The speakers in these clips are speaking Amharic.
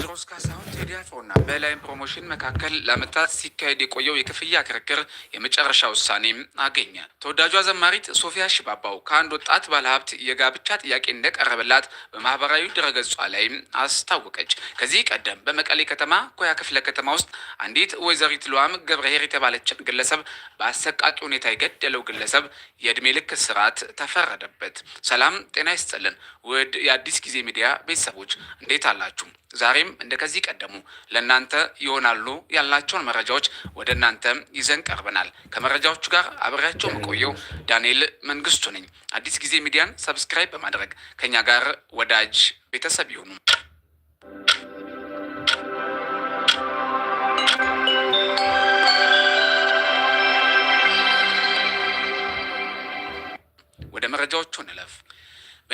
Roscasa. በዲያስፖራና በላይም ፕሮሞሽን መካከል ለአመታት ሲካሄድ የቆየው የክፍያ ክርክር የመጨረሻ ውሳኔም አገኘ። ተወዳጇ ዘማሪት ሶፊያ ሽባባው ከአንድ ወጣት ባለሀብት የጋብቻ ጥያቄ እንደቀረበላት በማህበራዊ ድረገጿ ላይ አስታወቀች። ከዚህ ቀደም በመቀሌ ከተማ ኮያ ክፍለ ከተማ ውስጥ አንዲት ወይዘሪት ሉዋም ገብረሄር የተባለችን ግለሰብ በአሰቃቂ ሁኔታ የገደለው ግለሰብ የእድሜ ልክ ስርዓት ተፈረደበት። ሰላም ጤና ይስጥልን ውድ የአዲስ ጊዜ ሚዲያ ቤተሰቦች እንዴት አላችሁ? ዛሬም ከዚህ ቀደሙ ለእናንተ ይሆናሉ ያላቸውን መረጃዎች ወደ እናንተም ይዘን ቀርበናል። ከመረጃዎቹ ጋር አብሬያቸው መቆየው ዳንኤል መንግስቱ ነኝ። አዲስ ጊዜ ሚዲያን ሰብስክራይብ በማድረግ ከኛ ጋር ወዳጅ ቤተሰብ ይሁኑ።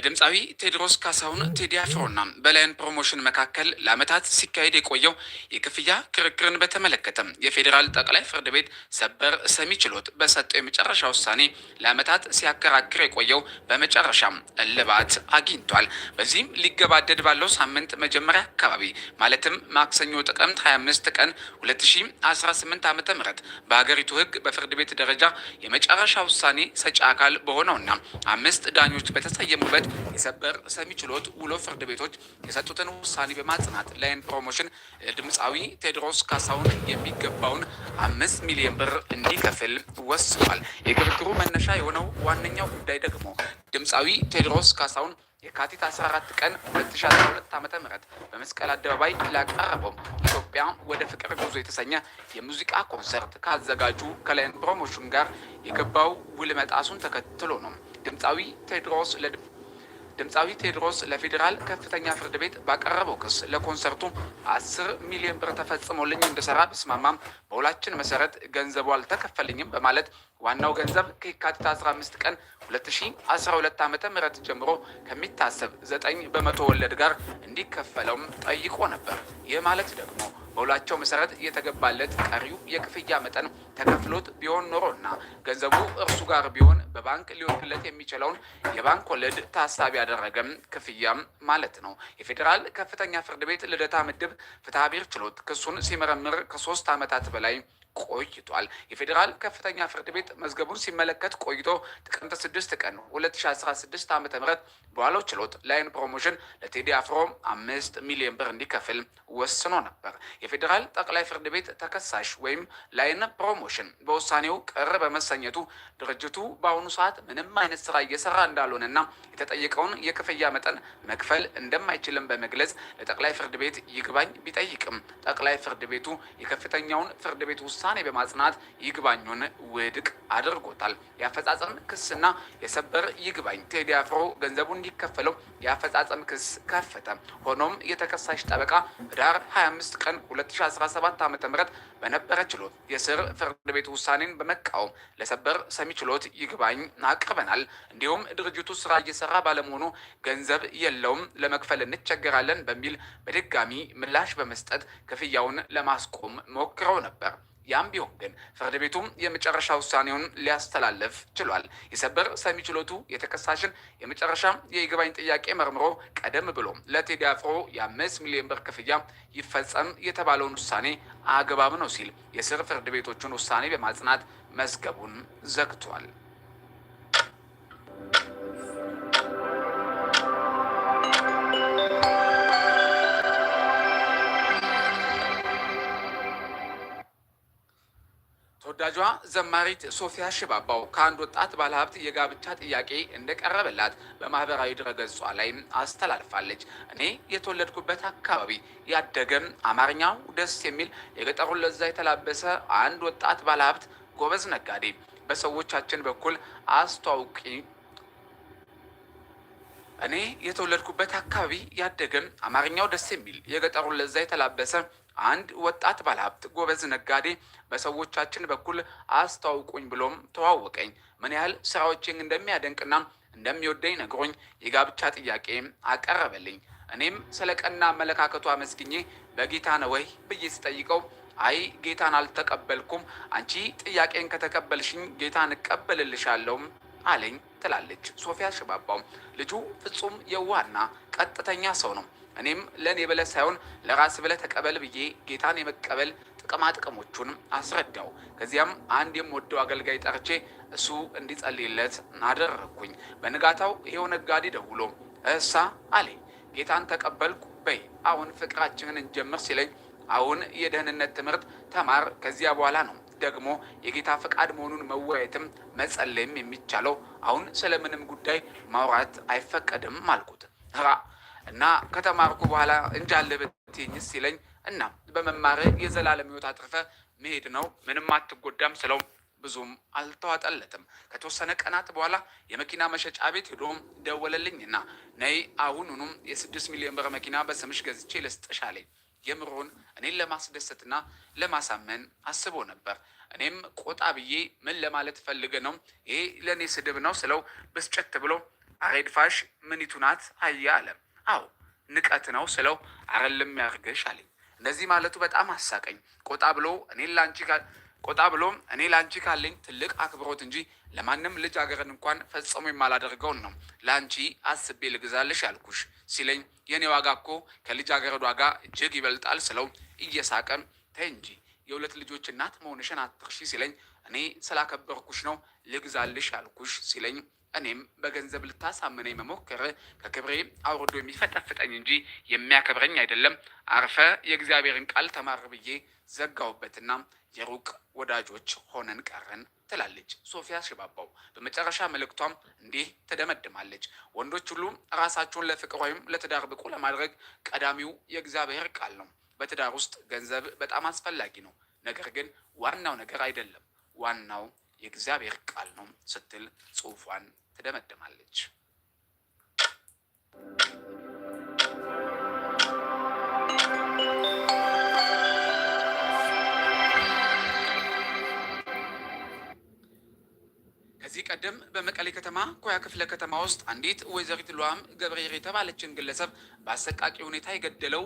በድምፃዊ ቴዎድሮስ ካሳሁን ቴዲ አፍሮና በላይን ፕሮሞሽን መካከል ለዓመታት ሲካሄድ የቆየው የክፍያ ክርክርን በተመለከተ የፌዴራል ጠቅላይ ፍርድ ቤት ሰበር ሰሚ ችሎት በሰጠው የመጨረሻ ውሳኔ ለዓመታት ሲያከራክር የቆየው በመጨረሻ እልባት አግኝቷል። በዚህም ሊገባደድ ባለው ሳምንት መጀመሪያ አካባቢ ማለትም ማክሰኞ ጥቅምት 25 ቀን 2018 ዓ ም በሀገሪቱ ህግ በፍርድ ቤት ደረጃ የመጨረሻ ውሳኔ ሰጪ አካል በሆነውና አምስት ዳኞች በተሰየሙበት የሰበር ሰሚ ችሎት ውሎ ፍርድ ቤቶች የሰጡትን ውሳኔ በማጽናት ላይን ፕሮሞሽን ድምፃዊ ቴዎድሮስ ካሳሁን የሚገባውን አምስት ሚሊዮን ብር እንዲከፍል ወስኗል። የክርክሩ መነሻ የሆነው ዋነኛው ጉዳይ ደግሞ ድምፃዊ ቴዎድሮስ ካሳሁን የካቲት 14 ቀን 2012 ዓ ም በመስቀል አደባባይ ላቀረበው ኢትዮጵያ ወደ ፍቅር ጉዞ የተሰኘ የሙዚቃ ኮንሰርት ካዘጋጁ ከላይን ፕሮሞሽን ጋር የገባው ውል መጣሱን ተከትሎ ነው። ድምፃዊ ቴዎድሮስ ድምፃዊ ቴዎድሮስ ለፌዴራል ከፍተኛ ፍርድ ቤት ባቀረበው ክስ ለኮንሰርቱ አስር ሚሊዮን ብር ተፈጽሞልኝ እንድሰራ ብስማማም በውላችን መሰረት ገንዘቡ አልተከፈልኝም በማለት ዋናው ገንዘብ ከየካቲት 15 ቀን 2012 ዓ ም ጀምሮ ከሚታሰብ ዘጠኝ በመቶ ወለድ ጋር እንዲከፈለውም ጠይቆ ነበር። ይህ ማለት ደግሞ በውላቸው መሰረት የተገባለት ቀሪው የክፍያ መጠን ተከፍሎት ቢሆን ኖሮና ገንዘቡ እርሱ ጋር ቢሆን በባንክ ሊወርድለት የሚችለውን የባንክ ወለድ ታሳቢ ያደረገም ክፍያ ማለት ነው። የፌዴራል ከፍተኛ ፍርድ ቤት ልደታ ምድብ ፍትሐ ችሎት ክሱን ሲመረምር ከሶስት ዓመታት በላይ ቆይቷል። የፌዴራል ከፍተኛ ፍርድ ቤት መዝገቡን ሲመለከት ቆይቶ ጥቅምት 6 ቀን 2016 ዓ ም በዋለው ችሎት ላይን ፕሮሞሽን ለቴዲ አፍሮ አምስት ሚሊዮን ብር እንዲከፍል ወስኖ ነበር። የፌዴራል ጠቅላይ ፍርድ ቤት ተከሳሽ ወይም ላይን ፕሮሞሽን በውሳኔው ቅር በመሰኘቱ ድርጅቱ በአሁኑ ሰዓት ምንም አይነት ስራ እየሰራ እንዳልሆነና የተጠየቀውን የክፍያ መጠን መክፈል እንደማይችልም በመግለጽ ለጠቅላይ ፍርድ ቤት ይግባኝ ቢጠይቅም ጠቅላይ ፍርድ ቤቱ የከፍተኛውን ፍርድ ቤት ውስጥ ውሳኔ በማጽናት ይግባኙን ውድቅ አድርጎታል። የአፈጻጸም ክስና የሰበር ይግባኝ ቴዲ አፍሮ ገንዘቡ እንዲከፈለው የአፈጻጸም ክስ ከፈተ። ሆኖም የተከሳሽ ጠበቃ ህዳር 25 ቀን 2017 ዓ ም በነበረ ችሎት የስር ፍርድ ቤት ውሳኔን በመቃወም ለሰበር ሰሚ ችሎት ይግባኝ አቅርበናል። እንዲሁም ድርጅቱ ስራ እየሰራ ባለመሆኑ ገንዘብ የለውም፣ ለመክፈል እንቸገራለን በሚል በድጋሚ ምላሽ በመስጠት ክፍያውን ለማስቆም ሞክረው ነበር። ያም ቢሆን ግን ፍርድ ቤቱም የመጨረሻ ውሳኔውን ሊያስተላለፍ ችሏል። የሰበር ሰሚ ችሎቱ የተከሳሽን የመጨረሻ የይግባኝ ጥያቄ መርምሮ ቀደም ብሎ ለቴዲ አፍሮ የአምስት ሚሊዮን ብር ክፍያ ይፈጸም የተባለውን ውሳኔ አግባብ ነው ሲል የስር ፍርድ ቤቶቹን ውሳኔ በማጽናት መዝገቡን ዘግቷል። ተወዳጇ ዘማሪት ሶፊያ ሽባባው ከአንድ ወጣት ባለሀብት የጋብቻ ጥያቄ እንደቀረበላት በማህበራዊ ድረገጿ ላይ አስተላልፋለች። እኔ የተወለድኩበት አካባቢ ያደገም አማርኛው ደስ የሚል የገጠሩን ለዛ የተላበሰ አንድ ወጣት ባለሀብት ጎበዝ ነጋዴ በሰዎቻችን በኩል አስተዋውቂ እኔ የተወለድኩበት አካባቢ ያደገም አማርኛው ደስ የሚል የገጠሩን ለዛ የተላበሰ አንድ ወጣት ባለሀብት ጎበዝ ነጋዴ በሰዎቻችን በኩል አስተዋውቁኝ ብሎም ተዋወቀኝ። ምን ያህል ስራዎችን እንደሚያደንቅና እንደሚወደኝ ነግሮኝ የጋብቻ ጥያቄ አቀረበልኝ። እኔም ስለ ቀና አመለካከቱ አመስግኜ በጌታ ነው ወይ ብዬ ስጠይቀው አይ ጌታን አልተቀበልኩም፣ አንቺ ጥያቄን ከተቀበልሽኝ ጌታን እቀበልልሻለሁም አለኝ ትላለች ሶፊያ ሽባባው። ልጁ ፍጹም የዋህና ቀጥተኛ ሰው ነው። እኔም ለእኔ ብለህ ሳይሆን ለራስ ብለ ተቀበል ብዬ ጌታን የመቀበል ጥቅማ ጥቅሞቹን አስረዳው። ከዚያም አንድ የምወደው አገልጋይ ጠርቼ እሱ እንዲጸልይለት አደረግኩኝ። በንጋታው ይሄው ነጋዴ ደውሎ እሳ አለ ጌታን ተቀበልኩ በይ አሁን ፍቅራችንን እንጀምር ሲለኝ አሁን የደህንነት ትምህርት ተማር። ከዚያ በኋላ ነው ደግሞ የጌታ ፈቃድ መሆኑን መወያየትም መጸለይም የሚቻለው። አሁን ስለምንም ጉዳይ ማውራት አይፈቀድም አልኩት። እና ከተማርኩ በኋላ እንጃለ ብትይኝስ ሲለኝ እና በመማር የዘላለም ሕይወት አትርፈ መሄድ ነው ምንም አትጎዳም ስለው ብዙም አልተዋጠለትም። ከተወሰነ ቀናት በኋላ የመኪና መሸጫ ቤት ሄዶም ደወለልኝና ነይ አሁኑኑም የስድስት ሚሊዮን ብር መኪና በስምሽ ገዝቼ ልስጥሽ የምሮን እኔን ለማስደሰትና ለማሳመን አስቦ ነበር። እኔም ቆጣ ብዬ ምን ለማለት ፈልገ ነው ይሄ ለእኔ ስድብ ነው ስለው ብስጨት ብሎ አሬድፋሽ ምኒቱ ናት አያ አለም አዎ ንቀት ነው ስለው አረልም ያርገሽ አለኝ። እንደዚህ ማለቱ በጣም አሳቀኝ። ቆጣ ብሎ እኔ ላንቺ ቆጣ ብሎ እኔ ላንቺ ካለኝ ትልቅ አክብሮት እንጂ ለማንም ልጅ አገርን እንኳን ፈጽሞ የማላደርገውን ነው ለአንቺ አስቤ ልግዛልሽ ያልኩሽ ሲለኝ የእኔ ዋጋ እኮ ከልጅ አገረድ ዋጋ እጅግ ይበልጣል ስለው እየሳቀን ተይ እንጂ የሁለት ልጆች እናት መሆንሽን አትርሺ ሲለኝ እኔ ስላከበርኩሽ ነው ልግዛልሽ ያልኩሽ ሲለኝ እኔም በገንዘብ ልታሳምነኝ መሞከር ከክብሬ አውርዶ የሚፈጠፍጠኝ እንጂ የሚያከብረኝ አይደለም። አርፈ የእግዚአብሔርን ቃል ተማር ብዬ ዘጋውበትና የሩቅ ወዳጆች ሆነን ቀረን ትላለች ሶፊያ ሽባባው። በመጨረሻ መልእክቷም እንዲህ ትደመድማለች። ወንዶች ሁሉ ራሳቸውን ለፍቅር ወይም ለትዳር ብቁ ለማድረግ ቀዳሚው የእግዚአብሔር ቃል ነው። በትዳር ውስጥ ገንዘብ በጣም አስፈላጊ ነው፣ ነገር ግን ዋናው ነገር አይደለም። ዋናው የእግዚአብሔር ቃል ነው ስትል ጽሑፏን ትደመድማለች። ከዚህ ቀደም በመቀሌ ከተማ ኮያ ክፍለ ከተማ ውስጥ አንዲት ወይዘሪት ሏም ገብርኄር የተባለችን ግለሰብ በአሰቃቂ ሁኔታ የገደለው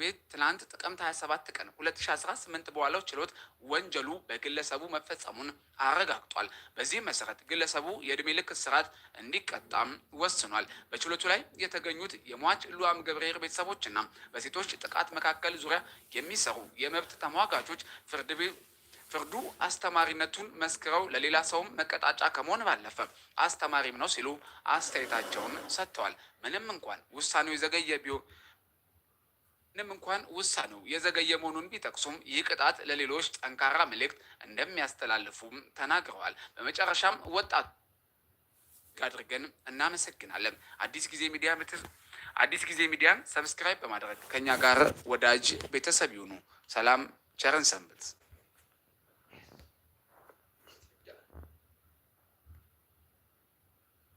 ቤት ትናንት ጥቅምት 27 ቀን 2018 በዋለው ችሎት ወንጀሉ በግለሰቡ መፈጸሙን አረጋግጧል። በዚህ መሰረት ግለሰቡ የእድሜ ልክ እስራት እንዲቀጣም ወስኗል። በችሎቱ ላይ የተገኙት የሟች ልዋም ገብርኤል ቤተሰቦችና በሴቶች ጥቃት መካከል ዙሪያ የሚሰሩ የመብት ተሟጋቾች ፍርድ ቤት ፍርዱ አስተማሪነቱን መስክረው ለሌላ ሰውም መቀጣጫ ከመሆን ባለፈ አስተማሪም ነው ሲሉ አስተያየታቸውን ሰጥተዋል። ምንም እንኳን ውሳኔው የዘገየ ቢሆን ምንም እንኳን ውሳኔው የዘገየ መሆኑን ቢጠቅሱም ይህ ቅጣት ለሌሎች ጠንካራ መልእክት እንደሚያስተላልፉም ተናግረዋል። በመጨረሻም ወጣት አድርገን እናመሰግናለን። አዲስ ጊዜ ሚዲያ ምትር አዲስ ጊዜ ሚዲያን ሰብስክራይብ በማድረግ ከኛ ጋር ወዳጅ ቤተሰብ ይሁኑ። ሰላም ቸርን ሰንብት።